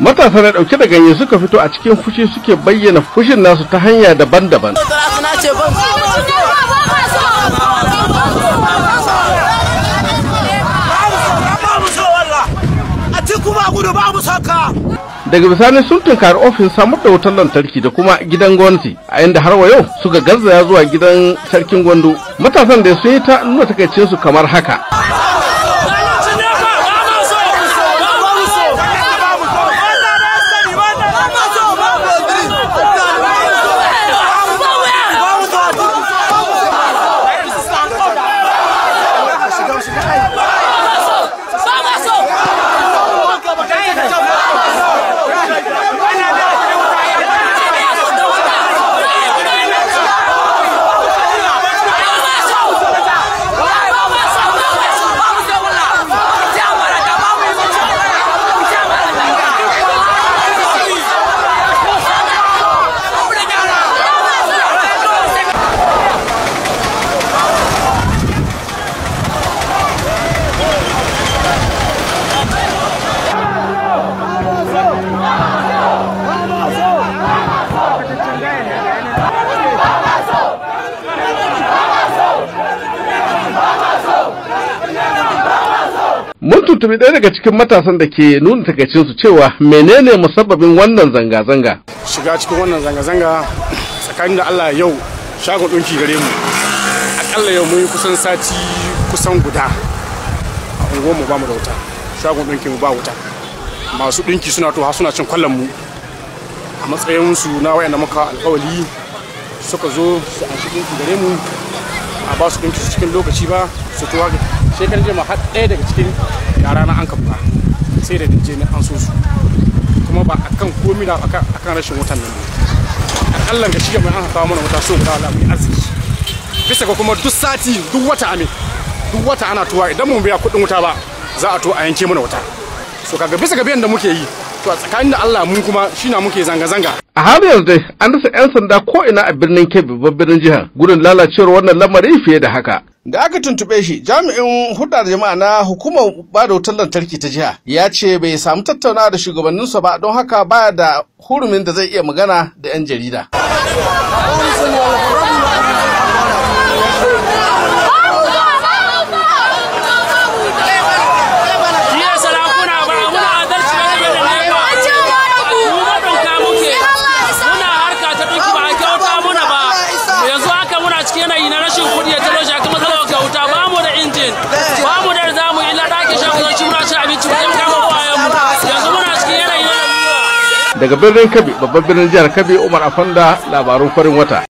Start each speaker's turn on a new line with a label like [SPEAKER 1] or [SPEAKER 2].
[SPEAKER 1] matasa na dauke da ganye suka fito a cikin fushi suke bayyana fushin nasu ta hanya daban-daban daga bisani sun tunkari ofin samar da wutar lantarki da kuma gidan gwamnati a inda har wa yau suka garzaya zuwa gidan sarkin gwando matasan da sun yi ta nuna takaicinsu kamar haka mutumi ɗaya daga cikin matasan da ke nuna su cewa menene musabbabin wannan zanga-zanga.
[SPEAKER 2] Shiga cikin wannan zanga-zanga tsakanin da Allah yau shagon ɗinki gare mu. Akalla yau mun kusan sati kusan guda a unguwar mu ba mu da wuta. Shagon ɗinki mu ba wuta. Masu ɗinki suna to suna cin kwallon mu. A matsayin su na da muka alƙawali suka zo su a shi ɗinki gare mu a ba su ɗinki cikin lokaci ba su tuwa shekarar jima har ɗaya daga cikin yara na an kafa sai da dinje ne an so su kuma ba akan komi na akan rashin wutan nan ne akalla ga shi mai an kawo mana wuta so guda Allah mai arziki bisa ga kuma duk sati duk wata ame duk wata ana tuwa idan mun biya kuɗin wuta ba za a to a yanke mana wuta so kaga bisa ga biyan da muke yi to a tsakanin da Allah mun kuma shi na muke zanga-zanga
[SPEAKER 1] a har yanzu dai an rasa 'yan sanda ko ina a birnin kebbi babban birnin jihar gudun lalacewar wannan lamari fiye da haka da aka tuntube shi jami'in hudar jama'a na hukumar ba da wutar lantarki ta jiha ya ce bai samu tattauna da shugabanninsa ba don haka baya da hurumin da zai iya magana da 'yan jarida daga birnin kabi babban birnin jihar kabi umar afanda labarun farin wata